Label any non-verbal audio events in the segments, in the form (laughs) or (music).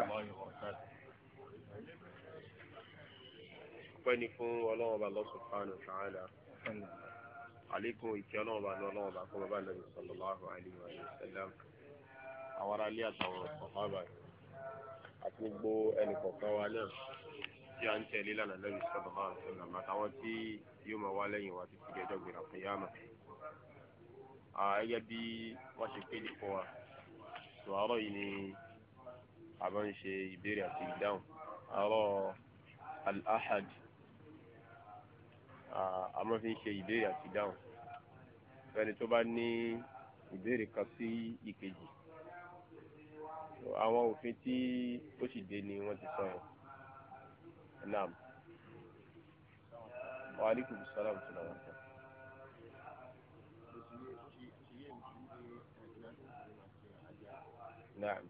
akbar. ọpẹ́ ni fún ọlọ́run ọba Allah subhanahu wa ta'ala àlékún ìkẹ́ ọlọ́run ọba ní ọlọ́run ọba kọ́ bàbá nàbì sallallahu alaihi wa sallam àwọn ará ilé àtàwọn sàhábà àti gbogbo ẹnì kọ̀ọ̀kan wa náà tí a ń tẹ̀lé lánàá nàbì sallallahu alaihi wa sallam àtàwọn tí yóò máa wá lẹ́yìn wa títí dẹjọ́ gbèrà kíyámà gẹ́gẹ́ bí wọ́n ṣe kéde fún wa sọ̀rọ̀ yìí ni a máa ń ṣe ìbéèrè àti ìdáhùn àárọ̀ al-ahad a máa fi ń ṣe ìbéèrè àti ìdáhùn fẹ́ni tó bá ní ìbéèrè kan sí ìkejì àwọn òfin tí ó sì dé ni wọ́n ti sọ yẹn wa aleykum salaam wa rahmatulah. نعم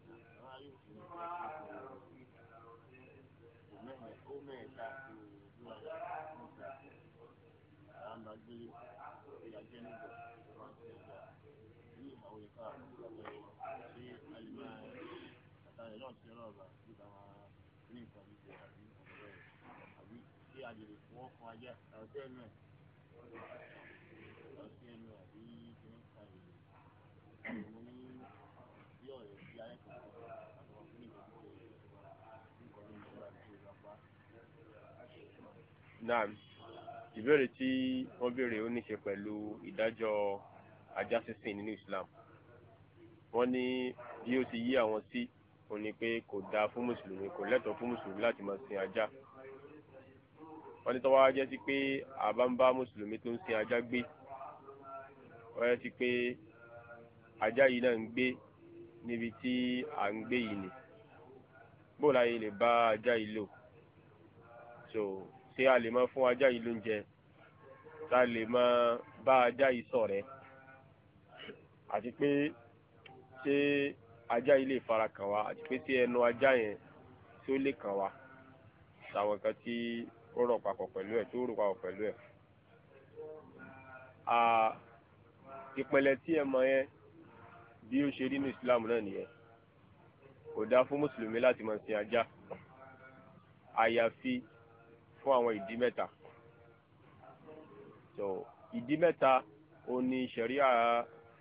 naam ìbéèrè tí wọ́n béèrè ó ní ṣe pẹ̀lú ìdájọ́ ajá nínú Islam wọ́n ní bí ó ti yí àwọn sí òun ni pé kò dáa fún mùsùlùmí kò lẹ́tọ̀ọ́ fún mùsùlùmí láti máa sin ajá wọ́n ní tọ́wọ́ á sí pé àbá mùsùlùmí tó ń sin ajá gbé wọ́n yẹ sí pé ajá yìí náà ń gbé níbi tí à ń gbé yìí ni bóòlù ayé lè bá ajá yìí lò so ṣé a lè máa fún ajá yìí lóúnjẹ tá a lè máa bá ajá yìí ṣọ̀rẹ́ àti pé ṣé ajá yìí lè fara kàn wá àti pé tí ẹnu ajá yẹn tí ó lè kàn wá àtàwọn kan tí ó rọ̀ papọ̀ pẹ̀lú ẹ̀ tí ó rọ̀ papọ̀ pẹ̀lú ẹ̀. ìpìlẹ̀ tí ẹ mọ yẹn bí ó ṣe rí ní Islam náà nìyẹn kò dáa fún mùsùlùmí láti máa sin ajá àyàfi fún àwọn ìdí mẹ́ta so ìdí mẹ́ta ó ní ṣẹ̀ríà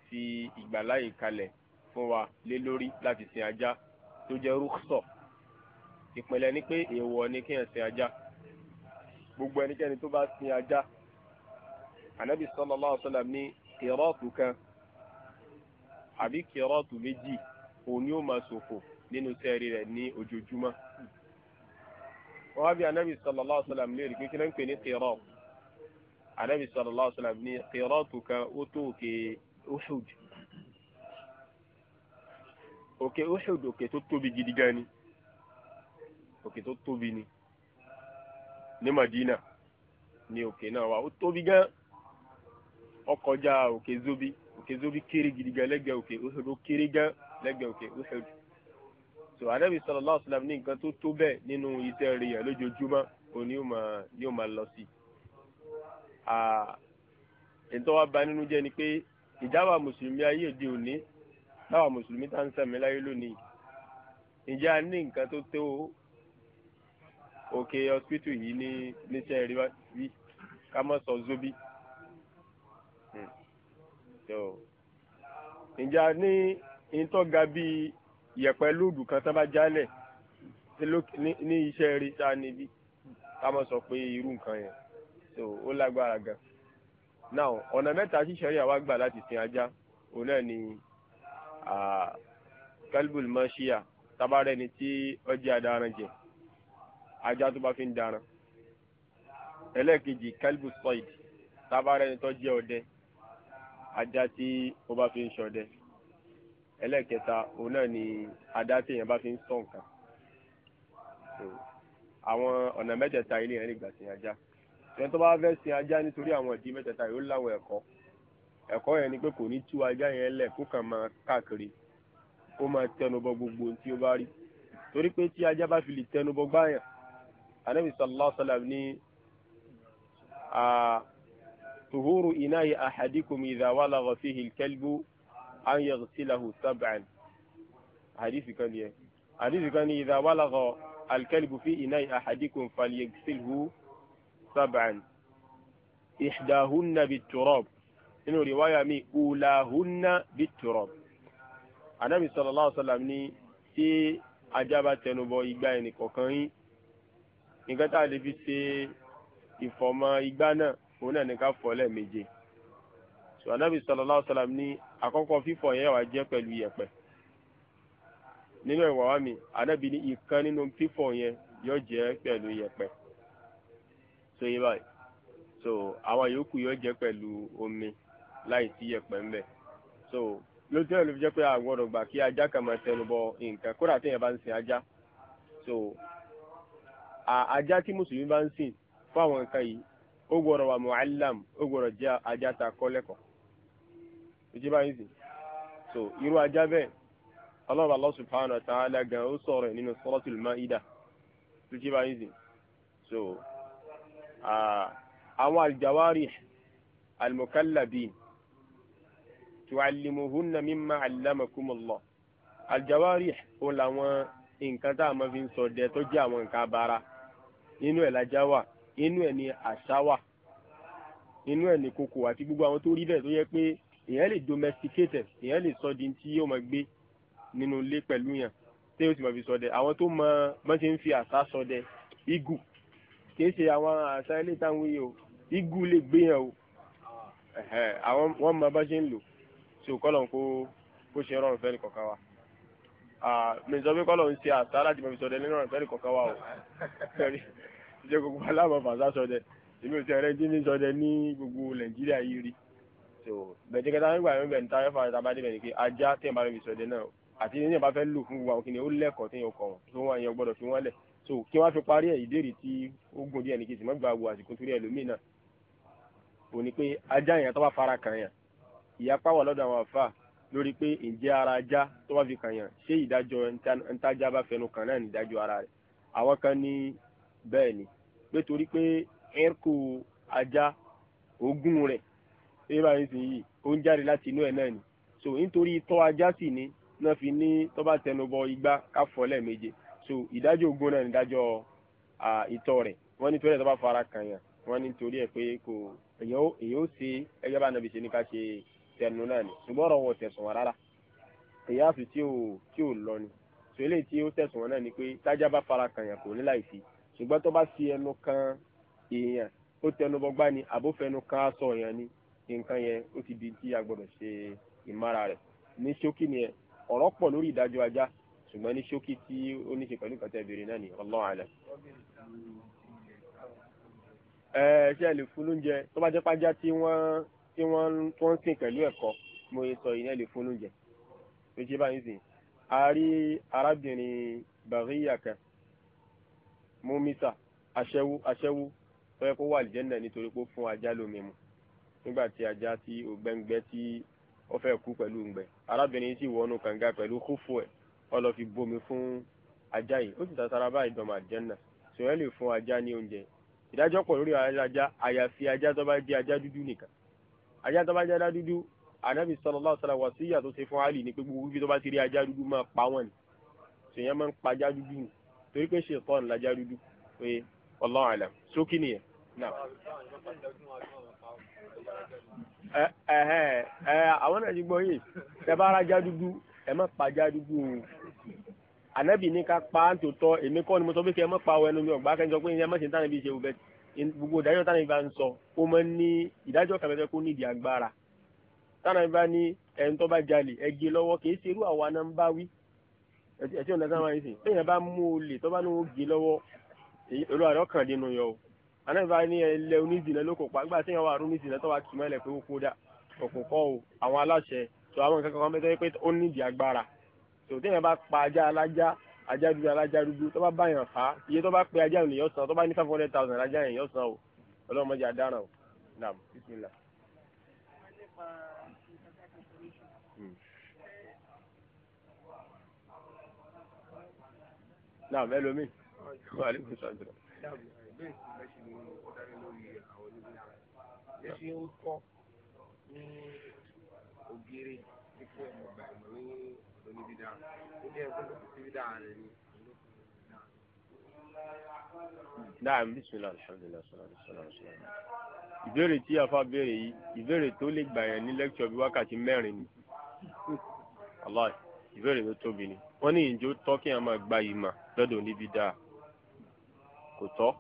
fi ìgbàláyè kalẹ̀ fún wa lé lórí láti sin ajá tó jẹ́ rúkṣọ ìpìlẹ̀ ni pé èèwọ̀ ni kéèyàn sin ajá gbogbo ẹnikẹ́ni tó bá sin ajá ànábì sallallahu alaihi wasallam ní kìrọ́ọ̀tù kan àbí kìrọ́ọ̀tù méjì òun yóò máa ṣòfò nínú sẹ́ẹ̀rì rẹ̀ ní ojoojúmọ́ wọ́n wá bí ànábì sallallahu alaihi wasallam léèrè pé kí ń pè ní kìrọ́ọ̀tù ànábì sallallahu alaihi wasallam ní kìrọ́ọ̀tù kan ó tó òkè Uhud òkè Uhud òkè tó tóbi gidi gan ni òkè tó tóbi ni ní Madina ni òkè náà wà ó tóbi gan ó òkè zobi òkè zobi kéré gidi gan lẹ́gbẹ̀ẹ́ òkè Uhud ó kéré gan lẹ́gbẹ̀ẹ́ òkè Uhud so anabi sallallahu alaihi wasallam ní nǹkan tó tó bẹ́ẹ̀ nínú iṣẹ́ rẹ̀ yẹn lójoojúmọ́ òun ni yóò máa lọ sí i ntọ́wá ba nínú jẹ́ ni pé ìjábà mùsùlùmí ayé òde òní táwa mùsùlùmí tá ń sàmì láyé lónìí ǹjẹ́ a ní nǹkan tó tó òkè hospital yìí ní níṣẹ́ rí bí ká má sọ zobi ǹjẹ́ a ní ìtọ́ ga bíi yẹ̀pẹ̀ lóòdù kan tán bá jálẹ̀ ní iṣẹ́ rí tá a níbí ká má sọ pé irú nǹkan yẹn so ó lágbára gan now ọ̀nà mẹ́ta ṣíṣẹ́rí àwa gbà láti sin ajá òun náà ni kalbul mashiya tabarẹ ni tí ọjà daran jẹ ajá tó bá fi ń daran ẹlẹ́ẹ̀kejì soid tabarẹ ni tó jẹ ọdẹ ajá tí ó bá fi ń ṣọdẹ ẹlẹ́ẹ̀kẹta òun náà ni adá tí èèyàn bá fi ń sọ nǹkan àwọn ọ̀nà mẹ́tẹ̀ẹ̀ta ilé yẹn nígbà tí ajá ṣùgbọ́n tó bá fẹ́ sin ajá nítorí àwọn ìdí mẹ́tẹ̀ẹ̀ta yóò láwọn ẹ̀kọ́ ẹ̀kọ́ yẹn ni pé kò ní tú ajá yẹn lẹ̀ kó kàn máa káàkiri kó máa tẹnubọ gbogbo tí ó bá rí torí pé tí ajá bá fi lè tẹnubọ gbáyàn anabi sallallahu alayhi wa sallam ní tuhuru inayi ahadikum idha walagha fihi alkalbu an yaghsilahu sab'an hadisi kan yẹn hadisi kan ní idha walagha alkalbu fi inayi ahadikum falyaghsilhu sab'an ihdahunna bit turab nínú rìwáyà mi ulahunna biturab anabi sallallahu alaihi wasallam ní tí ajá bá tẹnubọ igbá ẹnì kọ̀ọ̀kan yín nǹkan tá a lè fi ṣe ìfọ̀mọ́ igbá náà òun náà ní ká fọ̀ lẹ́ẹ̀méje so anabi sallallahu alaihi wasallam ní àkọ́kọ́ fífọ̀ yẹn wà jẹ́ pẹ̀lú yẹ̀pẹ̀ nínú ìwà wa mi anabi ní ìkan nínú fífọ̀ yẹn yóò jẹ́ pẹ̀lú yẹ̀pẹ̀ so yé báyìí so àwọn yòókù yóò jẹ́ pẹ̀lú omi láì sí yẹ̀pẹ̀ ńbẹ̀ so lótú ẹ̀ ló fi jẹ́ pé àgbọ̀dọ̀ gbà kí ajá kan máa tẹnu bọ nǹkan kódà téèyàn bá ń sin ajá so ajá tí mùsùlùmí bá ń sìn fún àwọn nǹkan yìí ó gbọ́dọ̀ wà mu'allam ó gbọ́dọ̀ jẹ́ ajá ta kọ́ lẹ́kọ̀ọ́ ìjì báyìí sìn so irú ajá bẹ́ẹ̀ ọlọ́run Allah subhanahu wa ta'ala gan ó sọ̀rọ̀ ẹ̀ nínú suratul Maida ìjì báyìí sìn so àwọn al-jawarih tu'allimuhunna mimma allamakumullah aljawarih ó làwọn nǹkan tá a máa fi ń sọ dẹ tó jẹ́ àwọn nǹkan abara inú ẹ̀ lajá wà inú ẹ̀ ni àṣà wà inú ẹ̀ ni kòkò àti gbogbo àwọn tó rí bẹ́ẹ̀ tó yẹ pé èèyàn lè domesticate èèyàn lè sọ di tí yóò máa gbé nínú ilé pẹ̀lú yẹn tí yóò sì máa fi sọdẹ àwọn tó mọ bọ́n ṣe ń fi àṣà sọdẹ igù kì í ṣe àwọn àṣà ilé táwọn yìí o igù lè gbé yẹn o àwọn wọ́n mọ bọ́n ṣe ń lò so kọ́lọ̀ kó kó ṣe rọrùn fẹ́ẹ́ kọ̀ọ̀kan wa mẹsàn pé kọ́lọ̀ ń ṣe àtà láti mọ̀mí sọdẹ nínú ọ̀rọ̀ fẹ́ẹ́ kọ̀ọ̀kan wa o fẹ́ẹ́ ṣe gbogbo aláàmọ̀ fàṣà sọdẹ èmi ò ti ẹ̀rẹ́ dín ní sọdẹ ní gbogbo nàìjíríà yìí rí so bẹ̀jẹ̀ kẹta nígbà yẹn bẹ̀ẹ̀ ní táyọ̀ fàṣà tábà dé bẹ̀ẹ̀ ní pé ajá tẹ̀ bá mi sọdẹ náà àti ní ìyẹn bá fẹ́ lò fún gbogbo àwọn so kí wọ́n fi parí ẹ̀ ìbéèrè tí ó gùn díẹ̀ ní kí n sì náà òní fara kàn ìyapa wà lọ́dọ̀ àwọn àfà lórí pé ǹjẹ́ ara ajá tó bá fi kàyàn ṣé ìdájọ́ ntájá bá fẹnu kàn náà nídájọ́ ara rẹ̀ àwọn kan ní bẹ́ẹ̀ ni pé torí pé ẹ̀rkù ajá ogún rẹ̀ ṣé báyìí sì yìí ó ń jáde láti inú ẹ̀ náà ni so nítorí tọ́ ajá sì ni náà fi ní tó bá tẹnubọ igbá ká fọ́ lẹ́ẹ̀méje so ìdájọ́ ogún náà nídájọ́ ìtọ́ rẹ̀ wọ́n ní torí ẹ̀ tó bá fara kàyàn wọ́n ní torí ẹ̀ pé kò èyàn ó ṣe ẹgbẹ́ bá nàbì ṣe ní ká ṣe tẹnu náà ni ṣùgbọ́n ọ̀rọ̀ wọn tẹ̀sùn wọn rárá kìyàsù tí ò tí ò lọ ni sọ eléyìí tí ó tẹ̀sùn wọn náà ni pé tájà bá fara kan yàn kò ní fi ṣùgbọ́n tó bá fi ẹnu kan èèyàn ó tẹnu ni àbófẹnu kan èèyàn ni nǹkan yẹn ó ti di tí a gbọdọ̀ ṣe ìmára ni ẹ tí wọ́n tó ń sìn pẹ̀lú ẹ̀kọ́ mo sọ ìyẹn lè fún oúnjẹ tó ṣe báyìí sìn a rí arábìnrin bàríyà kan mọ́mísà aṣẹ́wó aṣẹ́wó tó yẹ kó wà àlìjẹ́ndà nítorí pé ó fún ajá lómi mu nígbà tí ajá tí ògbẹ́ngbẹ́ tí ó fẹ́ kú pẹ̀lú ngbẹ́ arábìnrin sì wọnú kànga pẹ̀lú kófò ẹ̀ ó lọ fi bomi fún ajá yìí ó sì tasara báyìí dọ̀mọ̀ àlìjẹ́ndà sọ̀rọ̀ lè fún ajá ní oúnjẹ ìdájọ́ pọ̀ lórí ajá àyàfi ajá tó bá jẹ́ ajá dúdú nìkan ajá tó bá jẹ́ dúdú ànábì sallallahu alaihi wasallam wàsíyà tó ṣe fún Ali ní pé gbogbo ibi tó bá ti rí ajá dúdú máa pa wọ́n ni ṣèyàn máa ń pa ajá dúdú torí pé ṣe tọ́ọ̀nù lajá dúdú pé wallahu alam sókè nìyẹn náà. ẹ ẹ ẹ àwọn náà ti gbọ́ yìí ẹ bá ara ajá dúdú ẹ má pa ajá dúdú o ànábì ní ká pa á tòótọ́ èmi kọ́ ni mo sọ pé kí ẹ má pa ọ ẹnu mi ọ̀gbá kẹ́ńtọ́ pé ẹ má ṣe ń tàn gbogbo ìdájọ́ tánà ìbá ń sọ ó máa ń ní ìdájọ́ kàmẹ́tẹ́ kó nídìí agbára tánà ìbá ní ẹni tó bá jalè ẹ gé lọ́wọ́ kì í ṣe irú àwa náà ń bá wí ẹtí ọ̀nà sáwọn ẹ̀sìn téèyàn bá mú olè tó bá ní wọ́n gé lọ́wọ́ èrò àrọ́ kàn dínú yọ o tánà ìbá ní ẹlẹ́ onídìínà ló pa nígbà téèyàn wà onídìínà tó wà kì mọ́lẹ̀ pé ó kó dà ọ̀pọ̀ o àwọn aláṣẹ tó àwọn nǹkan kan mẹ́tẹ́ ajá dúdú alájá dúdú tó bá bá yàn fà á iye tó bá pe ajá yàn yàn san tó bá ní five hundred thousand alájá yàn yàn san o ọlọ́mọdé adáran o naam bismillah. Hmm. naam ẹlòmíì wà á lè kó sọ́ọ́ jùlọ. ṣé ó ní ògiri kíkẹ́ ọ̀gbà ìmọ̀ ní oníbídà ó ní ẹgbẹ́ lòdì sí bídà rẹ̀ ni. Naam bisimilah alhamdulilah salatu salatu salatu. Ìbéèrè tí afa béèrè yìí ìbéèrè tó lè gbà yẹn ní lẹ́kṣọ̀ bí wákàtí mẹ́rin ni. Allah ìbéèrè tó tóbi ni. Wọ́n ní ìjó tọ́ kí a máa gba ìmọ̀ lọ́dọ̀ níbi dáa. Kò tọ́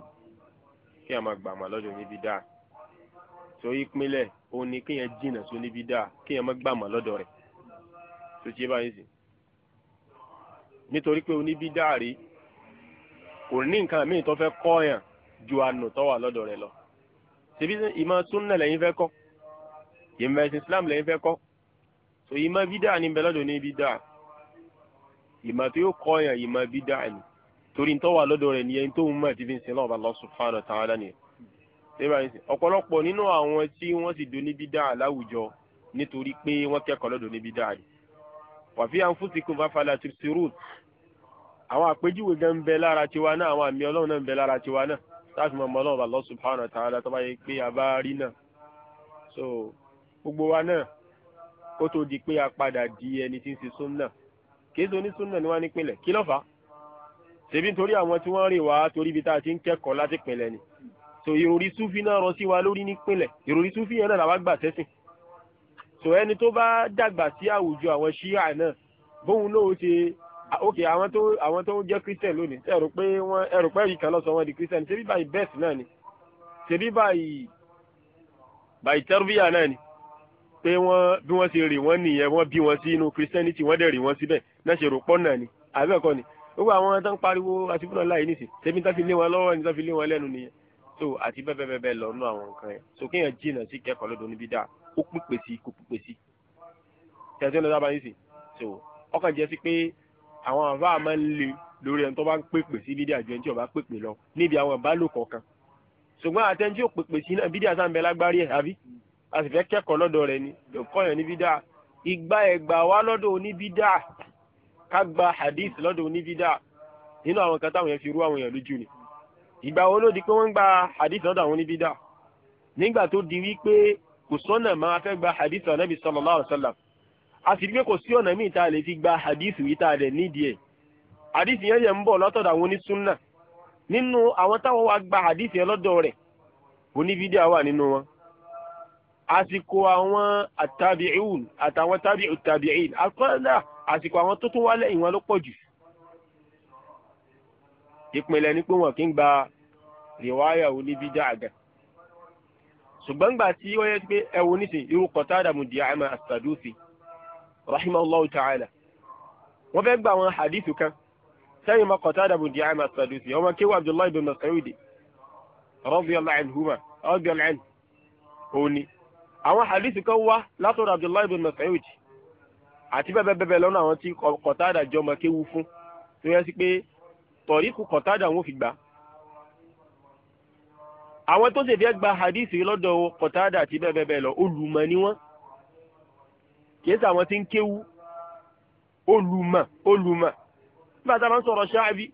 kí a máa gbà mà lọ́dọ̀ níbi dáa. Tó ìpínlẹ̀ òun ni kéèyàn jìnnà sí níbi dáa kéèyàn má gbà mà lọ́dọ̀ rẹ̀. Tó ṣe báyìí sìn nítorí pé oníbídàrí kò ní nǹkan míì tó fẹ́ kọ́ yàn ju àánú tó wà lọ́dọ̀ rẹ̀ lọ. ṣèbí ìmọ̀ súnnà lẹ́yìn fẹ́ kọ́ ìmọ̀ ẹ̀sìn Islam lẹ́yìn fẹ́ kọ́ so ìmọ̀ bídà ni bẹ́ẹ̀ lọ́dọ̀ ní bídà ìmọ̀ tó yóò kọ́ yàn ìmọ̀ bídà ni torí tó wà lọ́dọ̀ rẹ̀ nìyẹn tó ń mọ̀ tí fi ń sin náà Allah subhanahu wa ta'ala nìyẹn. ọ̀pọ̀lọpọ̀ nínú àwọn tí wọ́n sì do ní bídà láwùjọ nítorí pé wọ́n kẹ́kọ̀ọ́ lọ́dọ̀ ní bídà ni wàfí àǹfùsìkùn fàfàlà tìrùtìrùt àwọn àpèjúwe gan ń bẹ lára tiwa náà àwọn àmì ọlọ́run náà bẹ lára tiwa náà láti mọ̀ mọ́lọ́run bá Allah subhanahu wa ta'ala tó bá pé a rí náà so gbogbo wa náà kó tó di pé a padà di ẹni tí ń ṣe súnà kì í ṣe onísúnà ni wọ́n nípìnlẹ̀ kí ló fà á ṣèbí nítorí àwọn tí wọ́n rìn wá torí ibi tá a ti ń kẹ́kọ̀ọ́ láti pìnlẹ̀ ni so ìròrí súfì náà rọ sí wa lórí nípìnlẹ̀ ìròrí súfì yẹn náà làwa gbà sẹ́sìn so ẹni tó bá dàgbà sí àwùjọ àwọn ṣíà náà bóun lóun ṣe ok àwọn tó àwọn tó ń jẹ́ christian lónìí ẹ̀rù pé wọ́n ẹ̀rù pé yìí kan lọ sọ wọ́n di christian ṣebí báyìí bẹ́ẹ̀sì náà ni ṣebí báyìí báyìí tẹ́rùbíyà náà ni pé wọ́n bí wọ́n ṣe rè wọ́n nìyẹn wọ́n bí wọ́n sí inú christianity wọ́n dẹ̀ rè wọ́n síbẹ̀ náà ṣe rò pọ́ náà ni àbẹ́ẹ̀kọ́ ni gbogbo àwọn tó ń pariwo àtibúnà láì nísì ṣebí tá fi lé wọn lọ́wọ́ ni tá fi lé wọn lẹ́nu nìyẹn so àti bẹ́ẹ̀ bẹ́ẹ̀ bẹ́ẹ̀ lọ nú àwọn nǹkan yẹn so kéèyàn jìnnà sí kẹ́kọ̀ọ́ lọ́dọ̀ níbí dáa kó pípè sí kó pípè sí tẹ̀síọ́nù sábà yìí sì so ọkàn jẹ́ sí pé àwọn àfáà máa ń le lórí ẹni tó bá ń pèpè sí bídíà ju ẹni tí ò bá pèpè lọ níbi àwọn ìbálò kọ̀ọ̀kan ṣùgbọ́n àtẹni tí ò pèpè sí náà bídíà sáà ń bẹ lágbárí ẹ̀ àbí a sì fẹ́ kẹ́kọ̀ọ́ lọ́dọ̀ rẹ̀ ni kọ́yàn ní bídíà igba ẹ̀gbà wá lọ́dọ̀ oníbídà ká gba hadith lọ́dọ̀ oníbídà nínú àwọn kan táwọn yẹn fi rú àwọn èèyàn lójú ni ìgbà wo ló di pé wọ́n ń gba hadith lọ́dọ̀ àwọn oníbídà nígbà tó di wípé kò sọ́nà máa fẹ́ gba hadith anabi sallallahu alayhi wa sallam a sì rí pé kò sí ọ̀nà míì tá a lè fi gba hadith yìí tá a lè nídìí ẹ̀ hadith yẹn yẹn ń bọ̀ lọ́tọ̀dọ̀ àwọn onísúnnà nínú àwọn táwọn wa gba hadith yẹn lọ́dọ̀ rẹ̀ onífídíà wà nínú wọn àsìkò àwọn àtàbíìún àtàwọn tábìí tàbíìn àkọ́ńdà àsìkò àwọn tó tún wá lẹ́yìn ló pọ̀ jù ìpínlẹ̀ ni pé wọn kì í gba rìwáyà onífídíà àgàn ṣùgbọ́n gbà tí ó yẹ pé ẹ̀wọ̀n nísìn irú Qatada Mud'ama as-Sadusi rahimahullahu ta'ala wọ́n fẹ́ gba àwọn hadithu kan sẹ́yìn ma Qatada Mud'ama as-Sadusi ọmọ kéwà Abdullahi ibn Mas'ud radiyallahu anhuma radiyallahu anhu òní àwọn hadithu kan wá látọ̀dọ̀ Abdullahi ibn Mas'ud àti bẹ́ẹ̀ bẹ́ẹ̀ lọ́nà àwọn tí Qatada jọ ma kéwu fún tó yẹ àwọn tó sì fẹ́ gba hadith yìí lọ́dọ̀ Qatada àti bẹ́ẹ̀ bẹ́ẹ̀ lọ olùmọ̀ ni wọ́n kìí sọ àwọn tí ń kéwú olùmọ̀ olùmọ̀ nígbà tá a máa ń sọ̀rọ̀ ṣáàbí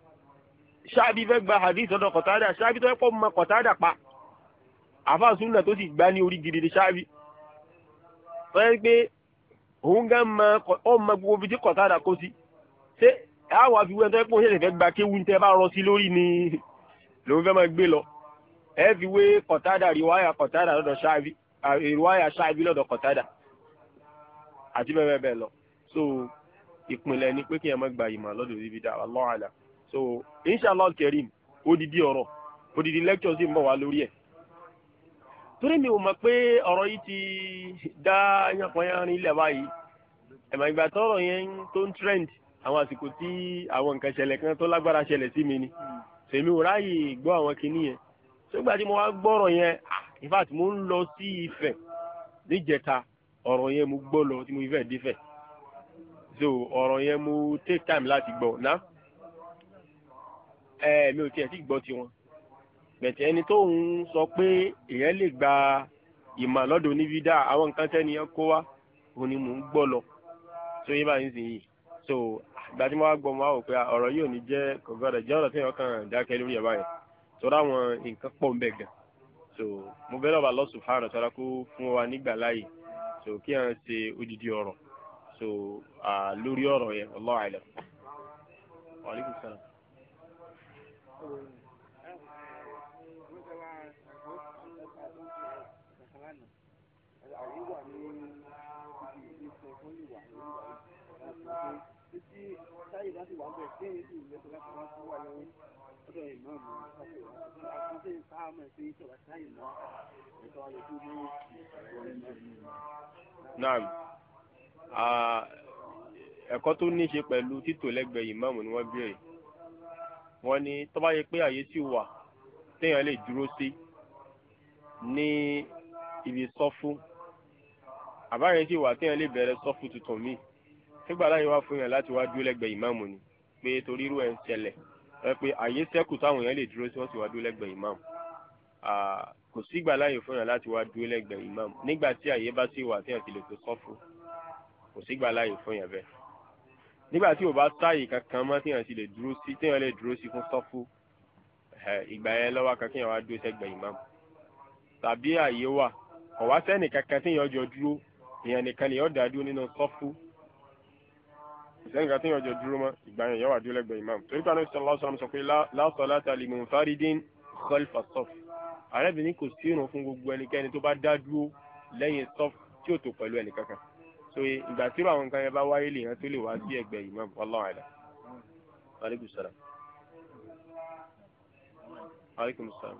ṣáàbí fẹ́ gba hadith lọ́dọ̀ Qatada ṣáàbí tó yẹ kó mọ Qatada pa àfa sunna tó sì gbá ní orí gidi ni ṣáàbí tó yẹ pé òun gan mọ ọmọ gbogbo fi tí Qatada kó sí ṣé àwọn àfiwé tó yẹ kó ṣẹ̀ṣẹ̀ fẹ́ gba kéwú ní tẹ́ bá rọ sí lórí ni lòun fẹ́ máa gbé lọ ẹ fi wé kọ̀tádà rìwáyà kọ̀tádà lọ́dọ̀ ṣáàbí rìwáyà ṣáàbí lọ́dọ̀ kọ̀tádà àti bẹ́ẹ̀ bẹ́ẹ̀ lọ so ìpínlẹ̀ ni pé kí ẹ má gba ìmọ̀ lọ́dọ̀ ibi dá Allahu so inshallah kerim odidi ọ̀rọ̀ odidi lecture sì ń bọ̀ wá lórí ẹ̀ torí mi ò mọ̀ pé ọ̀rọ̀ yìí ti dá yànpọ̀yàn ilẹ̀ báyìí ẹ̀mọ̀ ìgbà tọ́rọ̀ yẹn tó ń trend àwọn àsìkò tí àwọn nǹkan ṣẹlẹ̀ kan tó lágbára ṣẹlẹ̀ sí mi ni tèmi ò ráàyè gbọ́ àwọn kinní yẹn ṣùgbọ́n àti mo wá gbọ́rọ̀ yẹn ah, in fact mo ń lọ sí Ifẹ̀ níjẹta ọ̀rọ̀ yẹn mo gbọ́ lọ tí mo fẹ́ dé so ọ̀rọ̀ yẹn mo take time láti gbọ́ ná ẹ mi ò tiẹ̀ ti gbọ́ tiwọn bẹ̀tẹ̀ ẹni tó ń sọ pé èèyàn lè gba ìmọ̀ lọ́dọ̀ níbi dá àwọn nǹkan tẹ́ni ẹ kó wá òun ni mò ń gbọ́ lọ so yé báyìí sì yìí so àgbàdìmọ́ wa gbọ́ mo wá wò pé ah, ọ̀rọ̀ yìí ò ní jẹ́ kọ̀gọ́dọ̀ jẹ́ ọ̀rọ̀ tí wọ́n kàn dákẹ́ lórí ẹ̀ báyìí tọ́ra àwọn nǹkan pọ̀ ń bẹ̀ gan so mo bẹ́ẹ̀ lọ́ba Allah subhanahu wa ta'ala kó fún wa nígbà láàyè so kí à ń ṣe odidi ọ̀rọ̀ so lórí ọ̀rọ̀ yẹn Allahu a'lam. Wa alaikum Thank you naam ẹ̀kọ́ tó ní ṣe pẹ̀lú títò lẹ́gbẹ̀ẹ́ ìmáàmù ni wọ́n béèrè wọ́n ní tó bá yẹ pé àyè sì wà téèyàn lè dúró sí ní ibi sọ́fù àbáyé sì wà téèyàn lè bẹ̀rẹ̀ sọ́fù tuntun míì nígbà láyé wá fún yàn láti wá dúró lẹ́gbẹ̀ẹ́ ìmáàmù ni pé torí irú ẹ̀ ń ṣẹlẹ̀ ẹ pé àyè sẹ́kù táwọn èèyàn lè dúró sí wọ́n sì wá dúró lẹ́gbẹ̀ẹ́ imam kò sígbà láàyè fún yàn láti wá dúró lẹ́gbẹ̀ẹ́ imam nígbà tí àyè bá sì wà tí yàn ti lè tó sọ́fù kò sígbà láàyè fún yàn bẹ́ẹ̀ nígbà tí o bá sáàyè kankan mọ́ tí yàn ti lè dúró sí tí yàn lè dúró sí fún sọ́fù ìgbà yẹn lọ́wọ́ kankan yàn wá dúró sẹ́gbẹ̀ẹ́ imam tàbí àyè wà kọ̀ wá sẹ́nì kankan tí yàn jọ dúró èèyàn nìkan ni yàn dá dúró nínú sọ́fù ìsẹ́yìn kan tí yọjọ dúró mọ́ ìgbà yẹn yọ wà dúró lẹ́gbẹ̀ẹ́ imam torí pé anábì sallallahu alaihi wasallam sọ pé la salata li munfaridin khalfa saf arábìnrin kò sí ìrun fún gbogbo ẹnikẹ́ni tó bá dá dúró lẹ́yìn saf tí ò tó pẹ̀lú ẹnìkankan so ìgbà tí irú àwọn nǹkan yẹn bá wáyé lè hàn tó lè wá sí ẹgbẹ́ imam wallahu a'lam. aleykum salaam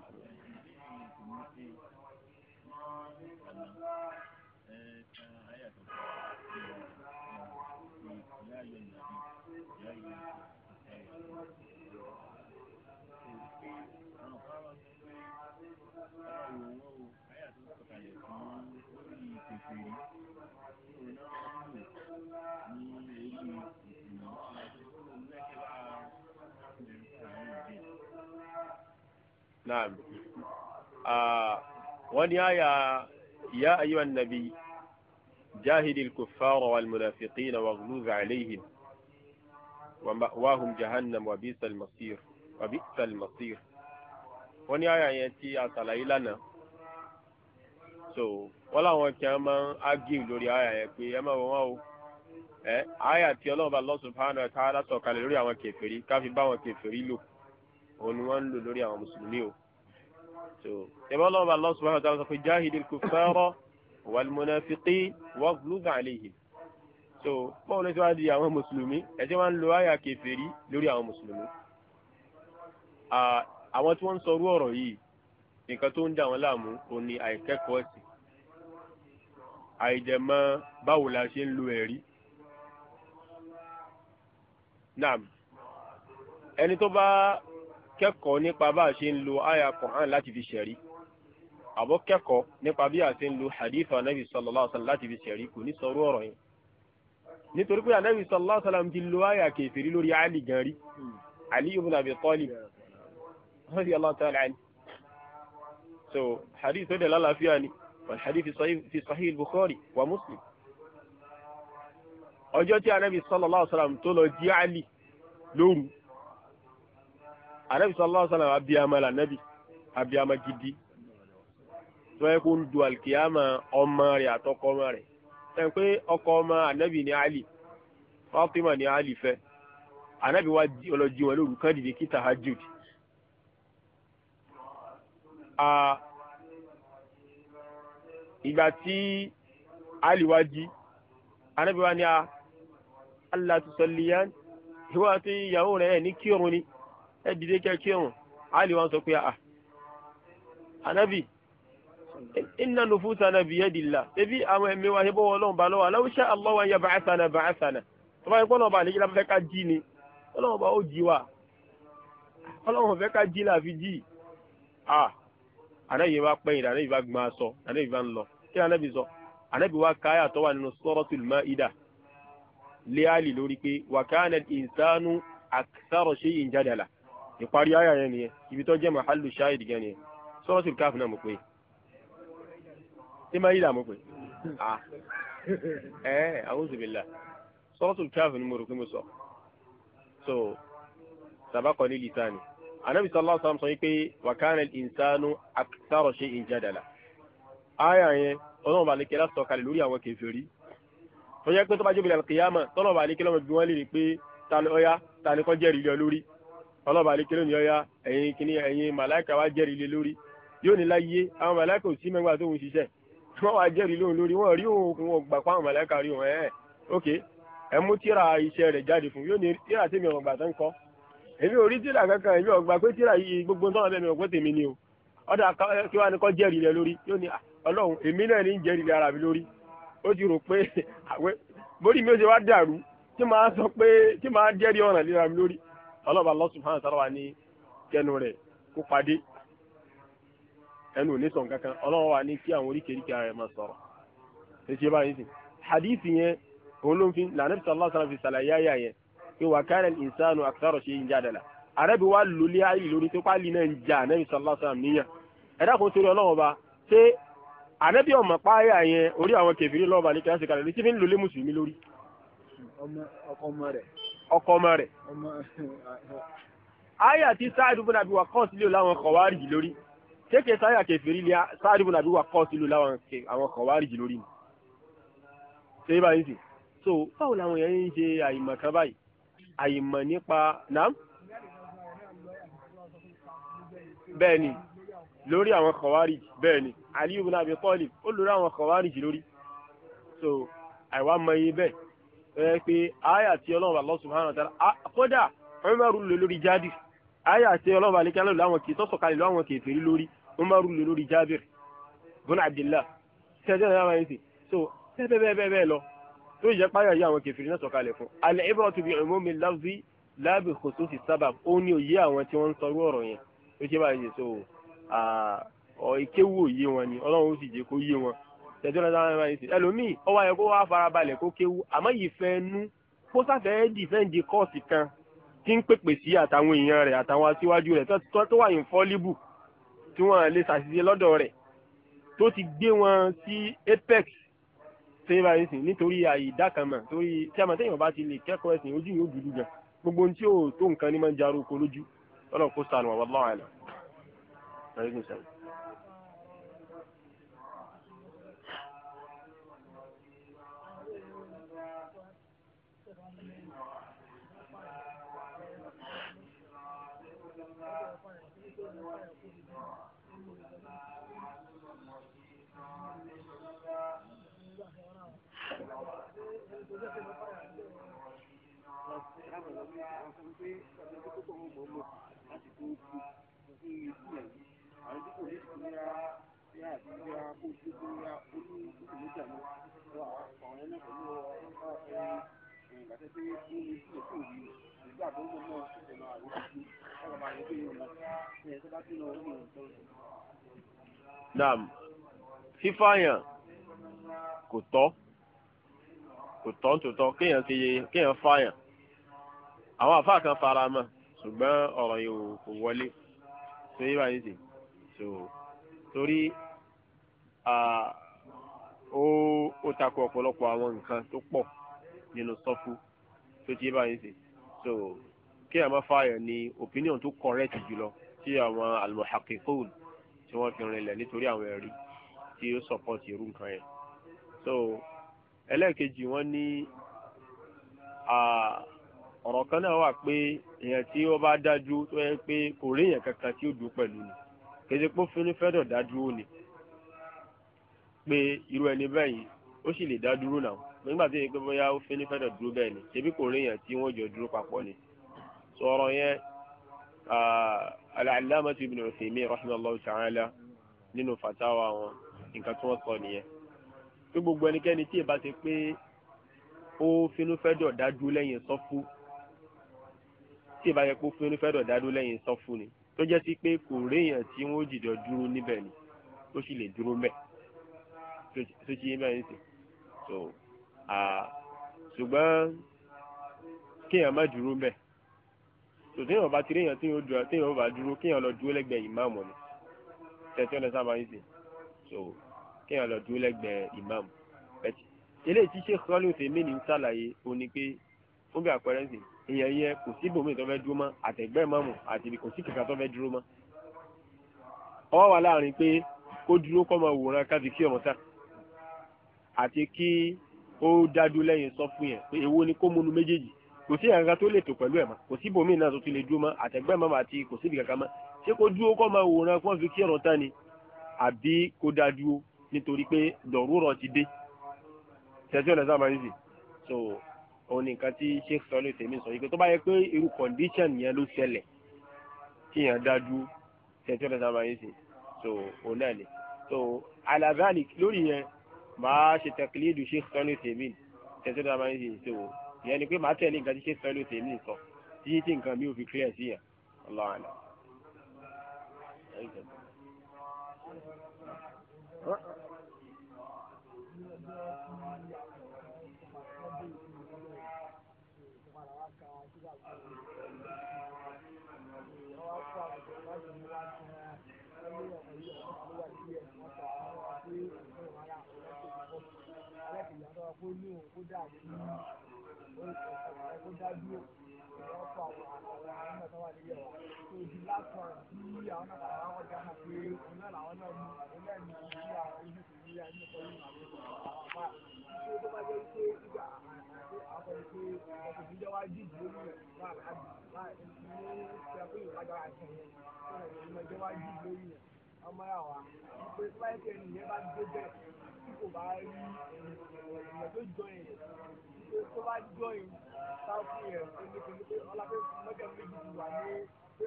na'am ah, wani aya ya ayyuhan nabi جاهد الكفار والمنافقين واغلوظ عليهم ومأواهم جهنم وبئس المصير وبئس المصير wọ́n ní àyà yẹn tí so wọ́n láwọn kí wọ́n máa ń ágìl lórí àyà yẹn pé ẹ má wọ́n wá o ẹ àyà tí ọlọ́run bá lọ́sùn fáánà ká látọ̀ kalẹ̀ lórí àwọn kèfèrí káfí bá àwọn kèfèrí lò òun ni wọ́n ń lò lórí àwọn mùsùlùmí o so ìbọn ọlọ́run bá lọ́sùn fáánà ká lọ́sọ̀ pé jáhìdì kò fẹ́ràn wàlmọ́nàfíkì wọ́gbùlùbà àlehìn so báwo ló ṣe wá di àwọn mùsùlùmí ẹ̀ṣẹ̀ wá ń lo àyà kèfèrí lórí àwọn mùsùlùmí àwọn tí wọ́n ń sọrú ọ̀rọ̀ yìí nǹkan tó ń dà wọ́n láàmú òun ni àìkẹ́kọ̀ọ́ ẹ̀sìn àìjẹ̀mọ́ báwo la ṣe ń lo ẹ̀rí naam ẹni tó bá kẹ́kọ̀ọ́ nípa bá a ṣe ń lo àyà Kùránì láti fi ṣẹ̀rí àbọ̀ kẹ́kọ̀ọ́ nípa bí a ti ń lo hadith anabi sallallahu alaihi wasallam láti fi ṣẹ̀rí kù ní sọ̀rọ̀ ọ̀rọ̀ yẹn nítorí pé anabi sallallahu alaihi wasallam ti lo àyà kẹfìrí lórí ali gan rí ali ibn abi talib radiyallahu ta'ala anhu so hadith tó dẹ̀ lálàáfíà ni wal hadith fi sahih bukhari wa muslim ọjọ́ tí anabi sallallahu alaihi wasallam tó lọ jí ali lóru anabi sallallahu alaihi wasallam abiyama la nabi abiyama tó yẹ kó ń du alikiyama ọmọ rẹ̀ àtọkọ ọmọ rẹ̀ sẹ́yìn pé ọkọ ọmọ anabi ní ali fatima ní ali fẹ́ anabi wa ọlọ́jì wọn lóru kan dìde kí tahajjud ìgbà tí ali wá jí anabi wa ní a allah tusalliyan ìwọ àti ìyàwó rẹ̀ ní kírun ni ẹ dìde kẹ́ kírun ali wọn sọ pé a anabi inna nufusana biyadillah ebi àwọn ẹ̀mí wa ṣẹ́bọ̀ ọlọ́run bá lọ́wọ́ aláwọ̀ ṣe aláwọ̀ ayé bàásánà bàásánà tó bá yẹ kọ́nà ọba àlejò láfẹ́ ká jí ni ọlọ́run bá ó jí wa ọlọ́run fẹ́ ká jí láfi jí ah ànábì bá pẹ́yìn ànábì bá gbọ́n aṣọ ànábì bá ń lọ kí ànábì sọ ànábì wa káyà tó wà nínú suratul maida léálì lórí pé wa kana al-insanu akthara shay'in jadala ìparí ayà yẹn nìyẹn ibi tó jẹ́ mahallu shahid gan nìyẹn suratul káfíńà mọ̀ pé tí máa yí dààmú pé ẹ ah, ẹ a'udhu billah suratul Kahf ni mo rò pé mo sọ so sabaqani lisani anabi sallallahu alaihi wasallam sọ pé wa kana al-insanu akthara shay'in jadala àyà yẹn ọlọ́run bá lékelá sọ kalẹ̀ lórí àwọn kèfèrí tó yẹ pé tó bá jẹ́ bilal qiyamah tọ́lọ́ bá lékelá ọmọ bí wọ́n lè rí pé ta ni ọya ta kọ́ jẹ́rìí lé lórí ọlọ́ba àdékẹ́lẹ́ ni ọya ẹ̀yin kìíní ẹ̀yin màláìka wa jẹ́rìí lé lórí yóò ní láyé àwọn màláìka ò sí mẹ́gbà tó ń ṣiṣẹ́ tí wọ́n wá jẹ́rìí lóhùn lórí wọ́n rí òun òun ọgbà pa àwọn mọ̀lẹ́ka rí òun ẹ̀ ok ẹ mú tíra iṣẹ́ rẹ̀ jáde fún yóò ní tíra tèmi ọgbà tó ń kọ́ èmi ò rí tíra kankan èmi ọgbà pé tíra yìí gbogbo ń tọ́wọ́ bẹ́ẹ̀ mi ọgbẹ́ tèmi ni o ọ̀dà kí wàá kọ́ jẹ́rìí rẹ̀ lórí yóò ní ọlọ́run èmi náà ní jẹ́rìí rẹ̀ ara mi lórí ó ti rò pé (laughs) àwẹ borí mi ó ṣe wá dàrú tí màá sọ pé tí màá jẹ́rìí ọ̀ràn lé ara mi lórí ọlọ́ba Allah subhanahu wa ta'ala kẹnu rẹ̀ kó padé ẹnu ò ní sọ nǹkan kan ọlọ́run wa ní kí àwọn oríkèéríkèé ara rẹ̀ máa sọ̀rọ̀ ṣèṣe báyìí sì hadithi yẹn òun ló ń fi lànàbí sallallahu alaihi wasallam fi ṣàlàyé àyà yẹn pé wà káyọ̀ ìsánú akthara shay'in jadala àrẹ́bí wa lólé ayé lórí tó pálí náà ń ja ànàbí sallallahu alaihi wasallam níyàn ẹ̀dá kan sórí ọlọ́run ọba ṣé ànàbí ọmọ páyà yẹn orí àwọn kẹfìrí lọ́ọ̀bà ní kíláàsì kalẹ̀ létí fi ayé àti sáà dúpọ̀ nàbí wà kọ́ọ̀sì lé o (laughs) láwọn kọ̀wárì lórí kéèké sáyà kẹfìrí ni Sa'ad ibn Abi Waqqas sílù láwọn àwọn Khawarij lórí mi ṣé báyìí sì so báwo làwọn yẹn ń ṣe àìmọ̀ kan báyìí àìmọ̀ nípa nam bẹ́ẹ̀ni lórí àwọn Khawarij bẹ́ẹ̀ni Ali ibn Abi Talib ó lórí àwọn Khawarij lórí so àìwá mọ iye bẹ́ẹ̀ ẹ pé àyà tí ọlọ́run Allah subhanahu wa ta'ala kódà Umaru lórí jáde àyà tí ọlọ́run àlékálẹ̀ lọ́wọ́ kì í tọ́sọ̀kalẹ̀ lọ́wọ́ kì í fèrí lórí umaru lè lórí jabir bùnà abdillah tẹ́tẹ́ náà máa ń so tẹ́tẹ́ bẹ́ẹ̀ bẹ́ẹ̀ bẹ́ẹ̀ lọ tó yẹ páyà yí àwọn kẹfìrí náà sọ̀kalẹ̀ fún alẹ́ ibrahim bi umumi lafzi láàbì kòsófì sábà ó ní òye àwọn tí wọ́n ń sọrú ọ̀rọ̀ yẹn ó ṣe báyìí ṣe so ọ̀ ìkéwù òye wọn ni ọlọ́run ó sì jẹ́ kó yé wọn tẹ̀síọ́ náà sáwọn ẹ̀rọ ìsìn ẹlòmíì ó wáyé kó wá farabalẹ̀ kó kéwu àmọ́ yìí fẹ́ nú kó sáfẹ́ dìfẹ́ǹdì kọ́ọ̀sì kan tí ń pèpè sí àtàwọn èèyàn rẹ̀ àtàwọn aṣíwájú rẹ̀ tó wà infallible tí wọ́n lè ṣàṣìṣe lọ́dọ̀ rẹ̀ tó ti gbé wọn sí apex sẹ́yìnbá yìí sìn nítorí àìdá kan mọ̀ torí tí a mọ̀ sẹ́yìn ọba ti lè kẹ́kọ̀ọ́ ẹ̀sìn ojú yóò dúdú gan gbogbo ohun tí ò tó nǹkan ní máa ń jarú oko lójú ọlọ́run kó sànù àwọn ọlọ́run àná. Dam, fífàyàn kò tọ́ kò tọ́ tòótọ́ kéèyàn ti kéèyàn fààyàn àwọn àfáà kan fara mọ́ ṣùgbọ́n ọ̀rọ̀ yìí kò wọlé tó yé báyìí sì so torí ó ó takò ọ̀pọ̀lọpọ̀ àwọn nǹkan tó pọ̀ nínú sọ́fù tó ti yé báyìí sì so kéèyàn má fààyàn ni opinion tó correct jùlọ tí àwọn almuhaqiqun tí wọ́n fi rinlẹ̀ nítorí àwọn ẹ̀rí tí ó support irú nǹkan yẹn so ẹlẹ́ẹ̀kejì wọ́n ní ọ̀rọ̀ kan náà wà pé èèyàn tí ó bá dájú tó yẹ pé kò rí èèyàn kankan tí ó dùn pẹ̀lú ni kéde pé fúnni fẹ́dọ̀ dádúró ni pé irú ẹni báyìí ó sì lè dádúró náà nígbà tí èyí pé bóyá ó fúnni fẹ́dọ̀ dúró bẹ́ẹ̀ ni ṣebí kò rí èèyàn tí wọ́n jọ dúró papọ̀ ni sọ̀rọ̀ yẹn al-allamah ibn Uthaymeen rahimahullah nínú fatawa wọn nǹkan tí wọ́n sọ nìyẹn pé gbogbo ẹnikẹ́ni tí ìbá ṣe pé ó finúfẹ́dọ̀ dájú lẹ́yìn sọ́fù tí ìbá yẹ kó finúfẹ́dọ̀ dájú lẹ́yìn sọ́fù ni tó jẹ́ sí pé kò réèyàn tí wọ́n jìjọ dúró níbẹ̀ ni tó sì lè dúró mẹ́ tó sì yé mẹ́rin sí so ṣùgbọ́n kéèyàn má dúró mẹ́ so téèyàn bá ti réèyàn téèyàn dúró téèyàn bá dúró kéèyàn lọ dúró lẹ́gbẹ̀ẹ́ ìmáàmù ni tẹ̀síọ́nà sábà yìí sí so kéèyàn lọ dúró lẹ́gbẹ̀ẹ́ imam bẹ́ẹ̀ eléyìí tí sheikh rọ́lù tèmi ni sàlàyé o ní pé fún bí àpẹẹrẹ sí èèyàn yẹn kò sí ibòmíì tó fẹ́ dúró mọ́ àtẹ̀gbẹ́ ìmáàmù àti ibi kò sí kàkà tó fẹ́ dúró mọ́ ọwọ́ wà láàrin pé kó dúró kọ́ máa wòran káfí kí ọmọ ta àti kí ó dájú lẹ́yìn sọ fún yẹn pé èwo ni kó múnú méjèèjì kò sí ìyàgá tó lè tò pẹ̀lú ẹ̀ mọ́ kò sí ibòmíì náà tó ti lè dúró mọ́ àtẹ̀gbẹ́ ìmáàmù àti kò sí ibi kàkà mọ́ ṣé kó dúró kọ́ máa wòran kó fi kí ọ̀rọ̀ ta ni àbí kó dájú nítorí pé dọ̀rúrọ̀ ti dé tẹ̀sí ọ̀nà sábà yìí so òun ni nǹkan tí sheikh sọlẹ̀ tèmi sọ yìí pé tó bá yẹ pé irú condition yẹn ló ṣẹlẹ̀ kí yẹn dájú tẹ̀sí ọ̀nà sábà yìí so òun náà ni so alazali lórí yẹn màá ṣe tẹ̀kílídù sheikh sọlẹ̀ tèmi tẹ̀sí ọ̀nà sábà yìí so ìyẹn ni pé màá tẹ̀lé nǹkan tí sheikh sọlẹ̀ tèmi sọ títí tí nǹkan mi ò fi clear sí yẹn Allah Allah kó ní ọmọ yà wá pé báyìí tẹ̀ ẹ̀yìn yẹn bá dé bẹ́ẹ̀ kò bá rí èèyàn tó jọ èèyàn tó bá jọ èèyàn sáfù yẹn tó ní pẹ̀lú pé ọlábẹ́ lọ́jọ́ méjì ti wà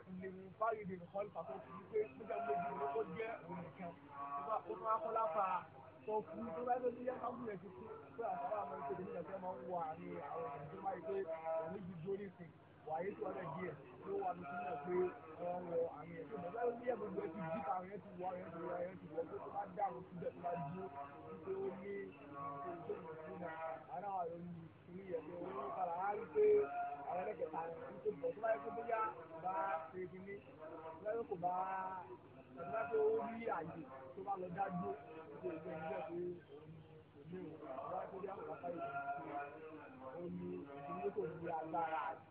ní ìlú fáyidé nǹkan pàtó ti ní pé lọ́jọ́ méjì ló kó jẹ́ òun kan ó máa láfa sọ fún tó bá lóṣù yẹn sáfù yẹn ti kú pé àtàwọn àmọ́ ìṣèlú ìjọba máa ń wọ àárín àwọn àdúgbò máa ń pé òun méjì gbórí ìsìn wàyé tó ọ̀rẹ́ díẹ̀ ló wà ní sílẹ̀ pé wọ́n wọ àwọn ẹ̀sìn mọ̀ láti ní ẹ̀gbọ́n gbé ti jí àwọn ẹ̀sìn wọ àwọn ẹ̀sìn wọ àwọn ẹ̀sìn wọ pé tó bá dá àwọn síbẹ̀ tó bá dúró pé ó ní ìṣòro tó mọ̀ sí ní ara àwọn ẹ̀yìn ìṣòro yẹn pé wọ́n padà wá rí pé àwọn ẹlẹ́kẹ̀ta ń tó bọ̀ tó bá yẹ kó bóyá bá ṣe kínní lẹ́yìn kò bá ẹ̀dá tó rí àyè tó bá lọ dá dúró tó ìgbẹ́ ìgbẹ́ pé òun ní òun wá tó rí àwọn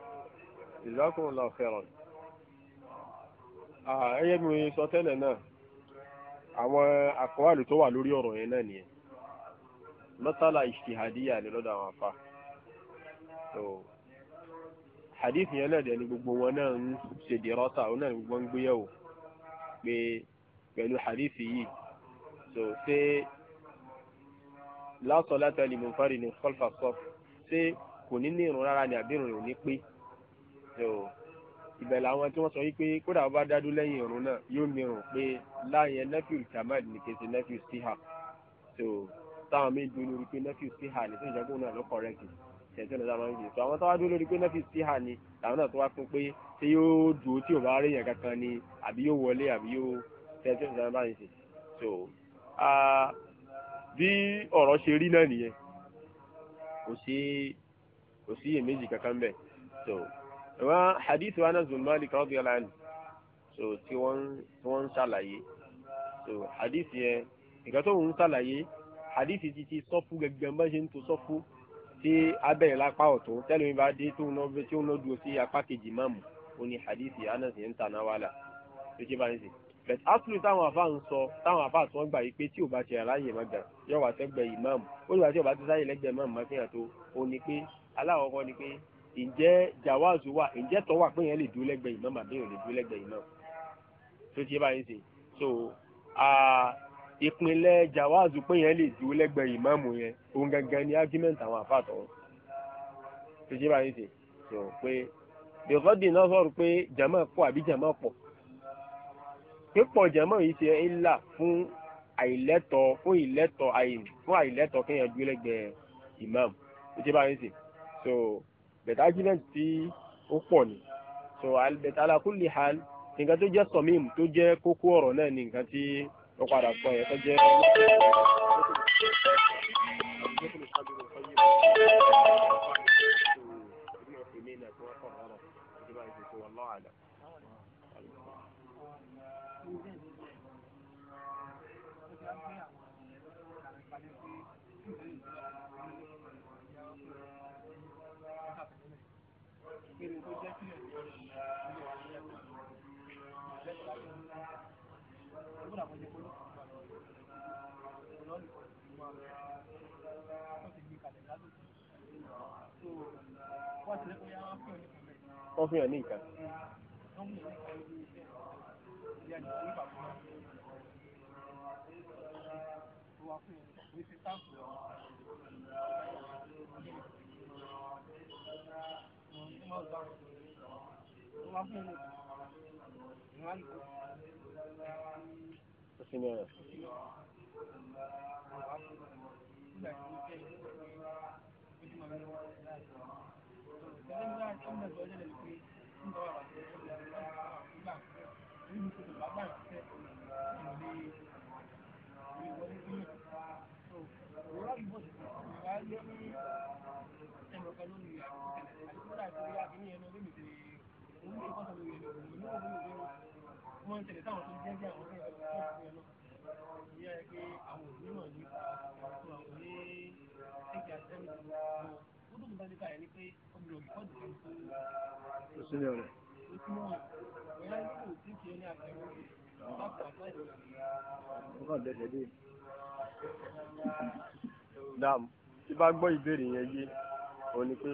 Jazakumullahu khairan. Ah, ẹyẹ mi sọ tẹ́lẹ̀ náà àwọn àkọwàlù tó wà lórí ọ̀rọ̀ yẹn náà nìyẹn mọ́tàlá ìṣìhàdíyà ni lọ́dọ̀ àwọn afá so hadith yẹn náà dẹ̀ ni gbogbo wọn náà ń ṣe dìrọ́tà òun náà ni gbogbo ń gbéyẹ̀wò pé pẹ̀lú hadith yìí so ṣé la salata limunfaridin khalfa saf ṣé kò ní ní ìrun rárá ni àbí ìrun ò ní pé so ibẹ̀ làwọn tí wọ́n sọ yìí pé kódà bá dádú lẹ́yìn ìrún náà yóò mìíràn pé láàyè nephew kamal ní kése nephew stiha so táwọn méjì dúró lórí pé nephew stiha ní sèjọ́ gbóhùn náà ló correct tẹ̀sí ọ̀nà táwọn méjì so àwọn tó wá dúró lórí pé nephew stiha ni làwọn náà tó wá fún pé ṣé yóò dùn tí ò bá rí yẹn kankan ni àbí yóò wọlé àbí yóò tẹ̀sí ọ̀nà táwọn báyìí ṣe so bí ọ̀rọ̀ ṣe rí náà nìyẹn kò sí kò sí èméjì kankan bẹ́ẹ̀ so wọn hadith wa Anas bin Malik radiyallahu anhu so tí wọ́n tí wọ́n ṣàlàyé so hadith yẹn nǹkan tó ń ṣàlàyé hadith ti ti sọ́fù gẹ́gẹ́ bá ṣe ń to sọ́fù tí abẹ́rẹ́ lápá ọ̀tún tẹ́lẹ̀ mi bá dé tí òun náà dúró sí apá kejì máàmù ó ní hadith Anas yẹn ń tà náà wàhálà tó ṣe bá ń sè but asulu táwọn afa ń sọ táwọn afa tí wọ́n gbà yìí pé tí o bá ṣe aláyè má gbà yọ wà sẹ́gbẹ̀ẹ́ ìmáàmù ó ní wà tí o bá sáyè lẹ́gbẹ̀ẹ́ máàmù má fi hàn tó o ní pé aláwọ̀ kọ́ ni pé ǹjẹ́ jawazu wà ǹjẹ́ tọ́ wà pé yẹn lè dúró lẹ́gbẹ̀ẹ́ imam àbí yẹn lè dúró lẹ́gbẹ̀ẹ́ imam tó ti yé báyìí ṣe so ìpínlẹ̀ jawazu pé yẹn lè dúró lẹ́gbẹ̀ẹ́ imam yẹn òun gangan ni argument àwọn àfàtọ̀ tó ti yé báyìí ṣe so pé bẹ̀rọ̀dì náà sọ̀rọ̀ pé jama pọ̀ àbí jama pọ̀ pípọ̀ jama yìí ṣe ńlá fún àìlẹ́tọ̀ fún ìlẹ́tọ̀ àìlẹ́tọ̀ kéèyàn dúró lẹ́gbẹ̀ẹ́ imam tó ti yé báyìí ṣe so but argument tí ó pọ̀ ni so but ala kulli hal nǹkan tó jẹ́ sọ̀míìmù tó jẹ́ kókó ọ̀rọ̀ náà ni nǹkan tí ó padà sọ yẹn tó jẹ́. Thank (laughs) you. wọ́n fi hàn ní nǹkan. Thank you wọ́n ń tẹ̀lé táwọn tó jẹ́ bí àwọn kò sílẹ̀ rẹ̀. wọ́n kàn dẹ́sẹ̀ dé. dam tí bá gbọ́ ìbéèrè yẹn yé òun ni pé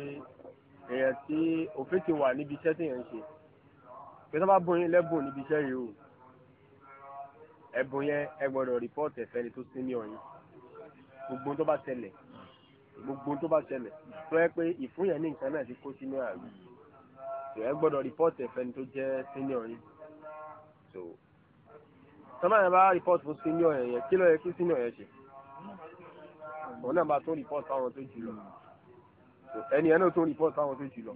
èèyàn tí òfin ti wà níbi iṣẹ́ tí èèyàn ń ṣe pé tó bá bóyin lẹ́bùn níbi iṣẹ́ yìí o ẹ̀bùn yẹn ẹ gbọ́dọ̀ rìpọ́ọ̀tì ẹ̀fẹ́ni tó sí ní ọ̀yìn gbogbo tó bá ṣẹlẹ̀ gbogbo tó bá ṣẹlẹ̀ tó yẹ pé ìfún yẹn ní nǹkan náà ti kó sínú ààrùn tó yẹ gbọ́dọ̀ rìpọ́ọ̀tì ẹ̀fẹ́ni tó jẹ́ senior yín so tọ́lá yẹn bá rìpọ́ọ̀tì fún senior yẹn yẹn kí ló yẹ kí senior yẹn ṣe òun náà bá tó rìpọ́ọ̀tì àwọn tó jù lọ ẹni yẹn náà tó rìpọ́ọ̀tì àwọn tó jù lọ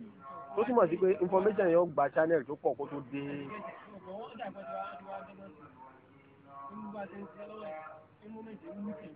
tó túmọ̀ sí pé information yẹn ó gba channel tó pọ̀ kó tó dé Thank you.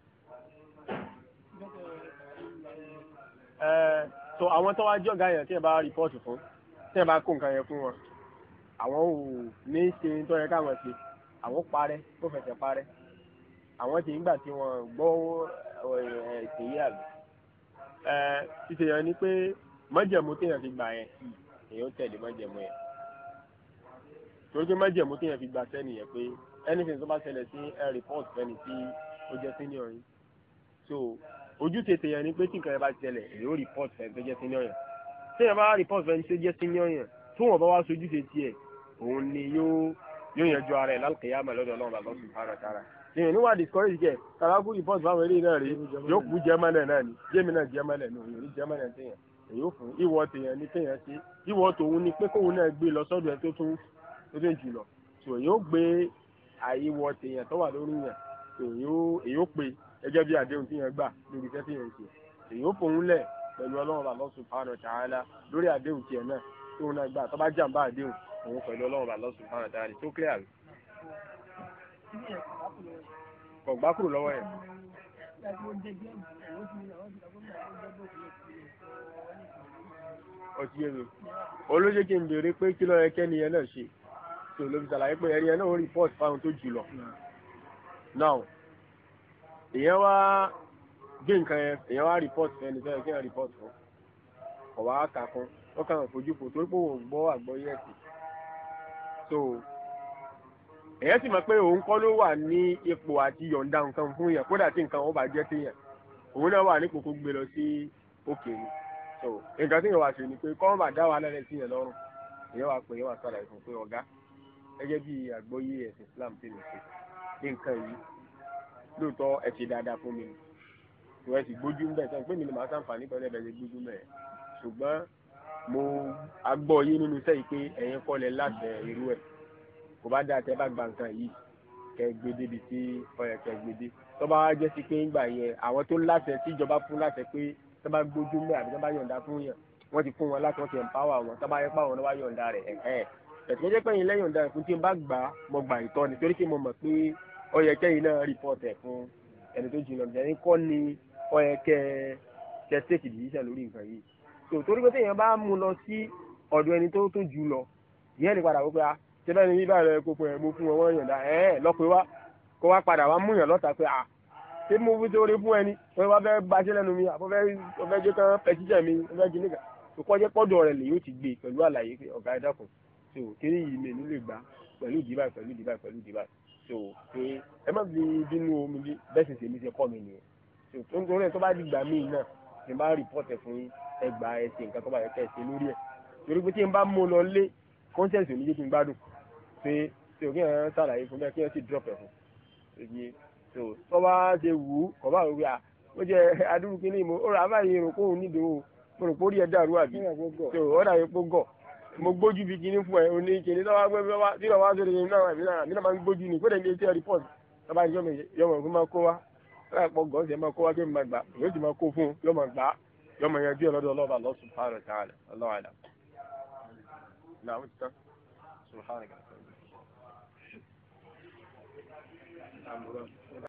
Eh, so àwọn tó wá jọ̀gá yẹn tí ẹ bá rìpọ́ọ̀tù fún tí ẹ bá kó nǹkan yẹn fún wọn àwọn ò ní ṣe tó yẹ káwọn ṣe àwọn parẹ́ tó fẹsẹ̀ parẹ́ àwọn ti ń gbà tí wọ́n gbọ́ ẹ̀sìn eh, yìí àgbẹ̀ ṣíṣe yẹn ni pé májẹ̀mú téèyàn fi gbà yẹn èèyàn tẹ̀lé májẹ̀mú yẹn torí pé májẹ̀mú téèyàn fi gbà sẹ́ni yẹn pé anything tó bá ṣẹlẹ̀ sí ẹ report fẹ́ni tí ó jẹ́ senior yìí so ojúṣe tèèyàn ni pé tí nǹkan yẹn bá ṣẹlẹ̀ yóò report fẹ́ tó jẹ́ senior yẹn téèyàn bá report fẹ́ tó jẹ́ senior yẹn tó wọn bá wá sojúṣe tiẹ̀ òun ni yóò yóò yanjú ara ẹ̀ lálùkìyàmà lọ́dọ̀ ọlọ́run bàbá subhanahu wa ta'ala èèyàn níwà discourage jẹ kàràkù report fáwọn eré náà rèé yóò kú jẹ́mọ́lẹ̀ náà ni jẹ́mi náà jẹ́mọ́lẹ̀ ni òun ò ní jẹ́mọ́lẹ̀ téèyàn èyí ò fún ìwọ téèyàn ni téèyàn ṣe ìwọ tòun ni pé kóun náà gbé lọ sọ́dọ̀ ẹ tó tún tó tún jù lọ so èyí ò gbé àìwọ téèyàn tó wà lórí yẹn èyí ò pé gẹ́gẹ́ bí àdéhùn tí yẹn gbà lórí iṣẹ́ tí yẹn ń ṣe èyí ó fòun lẹ̀ pẹ̀lú ọlọ́run Allah subhanahu wa ta'ala lórí àdéhùn tiẹ̀ náà tó ń gbà tó bá jàǹbá àdéhùn òun pẹ̀lú ọlọ́run Allah subhanahu wa ta'ala tó clear rẹ̀. kọ̀gbá kúrò lọ́wọ́ yẹn. ó ti yé mi olóṣè kí n béèrè pé kí lọ́ọ́ ẹkẹ́ ni ẹ náà ṣe tó ló fi ṣàlàyé pé ẹni ẹ náà ó rìpọ́ọ̀tì fáwọn tó jù lọ èèyàn wá gbé nǹkan yẹn èèyàn wá rìpọ́ọ̀tì ẹni tó yẹ kí èèyàn rìpọ́ọ̀tì fún kọ̀ wá kà kàn fojú fò torí pé òun gbọ́ àgbọ́yé ẹ̀sìn so èèyàn sì mọ̀ pé òun kọ́ ló wà ní ipò àti yọ̀ǹda nǹkan fún yẹn kódà tí nǹkan wọn bá jẹ́ téèyàn òun náà wà nípò kó gbé lọ sí òkè ni so nǹkan tí yẹn wà ṣe ni pé kọ́ bá dá wàhálà rẹ̀ sí yẹn lọ́rùn èèyàn wà pé èèyàn wà sọ̀rọ̀ ẹ̀sìn pé ọ̀gá gẹ́gẹ́ bí àgbọ́yé ẹ̀sìn Islam ti mi ṣe nǹkan yìí lóòótọ́ ẹ ṣe dáadáa fún mi ìwọ ẹ sì gbójú ń bẹ̀ sẹ́yìn pé mi ni màá sàǹfààní pẹ̀lú ẹ̀bẹ̀ ṣe gbójú mẹ́ ṣùgbọ́n mo agbọ́ yé nínú iṣẹ́ yìí pé ẹ̀yin kọ́ lẹ láṣẹ irú ẹ̀ kò bá dáa tẹ́ bá gba nǹkan yìí kẹ́ gbé débi tí ọyẹ kẹ́ gbé dé tó bá jẹ́ sí pé ńgbà yẹn àwọn tó láṣẹ tíjọba fún láṣẹ pé tó bá gbójú mẹ́ àbí tó bá yọ̀ǹda fún yàn wọ́n ti fún wọn láti wọ́n ti empower wọn tó bá yẹ pàwọn náà wá yọ̀ǹda rẹ̀ ẹ̀hẹ́n ẹ̀sìn jẹ́ pé ẹ̀yin lẹ́yọ̀ǹda ẹ̀kú tí n bá gbà mo gbà ìtọ́ni torí pé mo mọ̀ pé ó yẹ kẹ́yìn náà rìpọ́ọ̀tì ẹ̀ fún ẹni tó jìnnà bí ẹni kọ́ ni ó yẹ kẹ́ kẹ́ ṣèkì dìíṣà lórí nǹkan yìí tó torí pé téèyàn bá mú lọ sí ọ̀dọ̀ ẹni tó tó jù lọ ìyẹn lè padà wípé a ah, ṣe bẹ́ẹ̀ ni bíbá rẹ̀ kó pé mo fún wọn wọ́n yànda ẹ̀ ẹ́ lọ́pẹ́ wá kó wá padà wá mú yàn lọ́ta pé a ah, ṣé mo fi sóore fún ẹni wọ́n wá fẹ́ baṣẹ́ lẹ́nu mi àbọ̀ fẹ́ jẹ́ kán pẹ̀tíṣẹ̀ mi fẹ́ jí nígbà pẹ̀lú ìdíbà pẹ̀lú ìdíbà pẹ̀lú ìdíbà so pé ẹ má fi bínú omi bí bẹ́ẹ̀ sì tèmi ṣe kọ́ mi nìyẹn so nítorí ẹ̀ tó bá dìgbà míì náà tí n bá rìpọ́tẹ̀ fún ẹgbà ẹsẹ̀ nǹkan tó bá yẹ kẹ́ ẹ ṣe lórí ẹ̀ torí pé tí n bá mú lọ lé kọ́ńtẹ́ǹsì oníjẹ́ kí n gbádùn pé tí o kí ẹ̀ ń ṣàlàyé fún bẹ́ẹ̀ kí ẹ̀ sì drop ẹ̀ fún ẹ̀yẹ so tó bá ṣe wù ú kọ́ bá rò pé à ó jẹ́ adúrú kí ni mo ó rà á báyìí rò kóhun nídòó mo rò pé ó rí ẹ dàrú àbí so ó dàbí pé ó gọ̀ mo gbójú bí kinní fún ẹ òní kinní tó bá gbé bí wọn tí wọn bá tó lè nínú àwọn ìbílẹ̀ mi náà máa ń gbójú ni kódà ní etí ẹ rìpọ́t tó bá yọmọ yọmọ fún máa kó wa láì pọ̀ gọ́ọ̀sì ẹ máa kó wa kí ẹ máa gbà yóò ti máa kó fún yọmọ gbà yọmọ yẹn bí ọlọ́dọ̀ ọlọ́ba lọ subhanahu wa ta'ala ọlọ́wà dà. Thank you.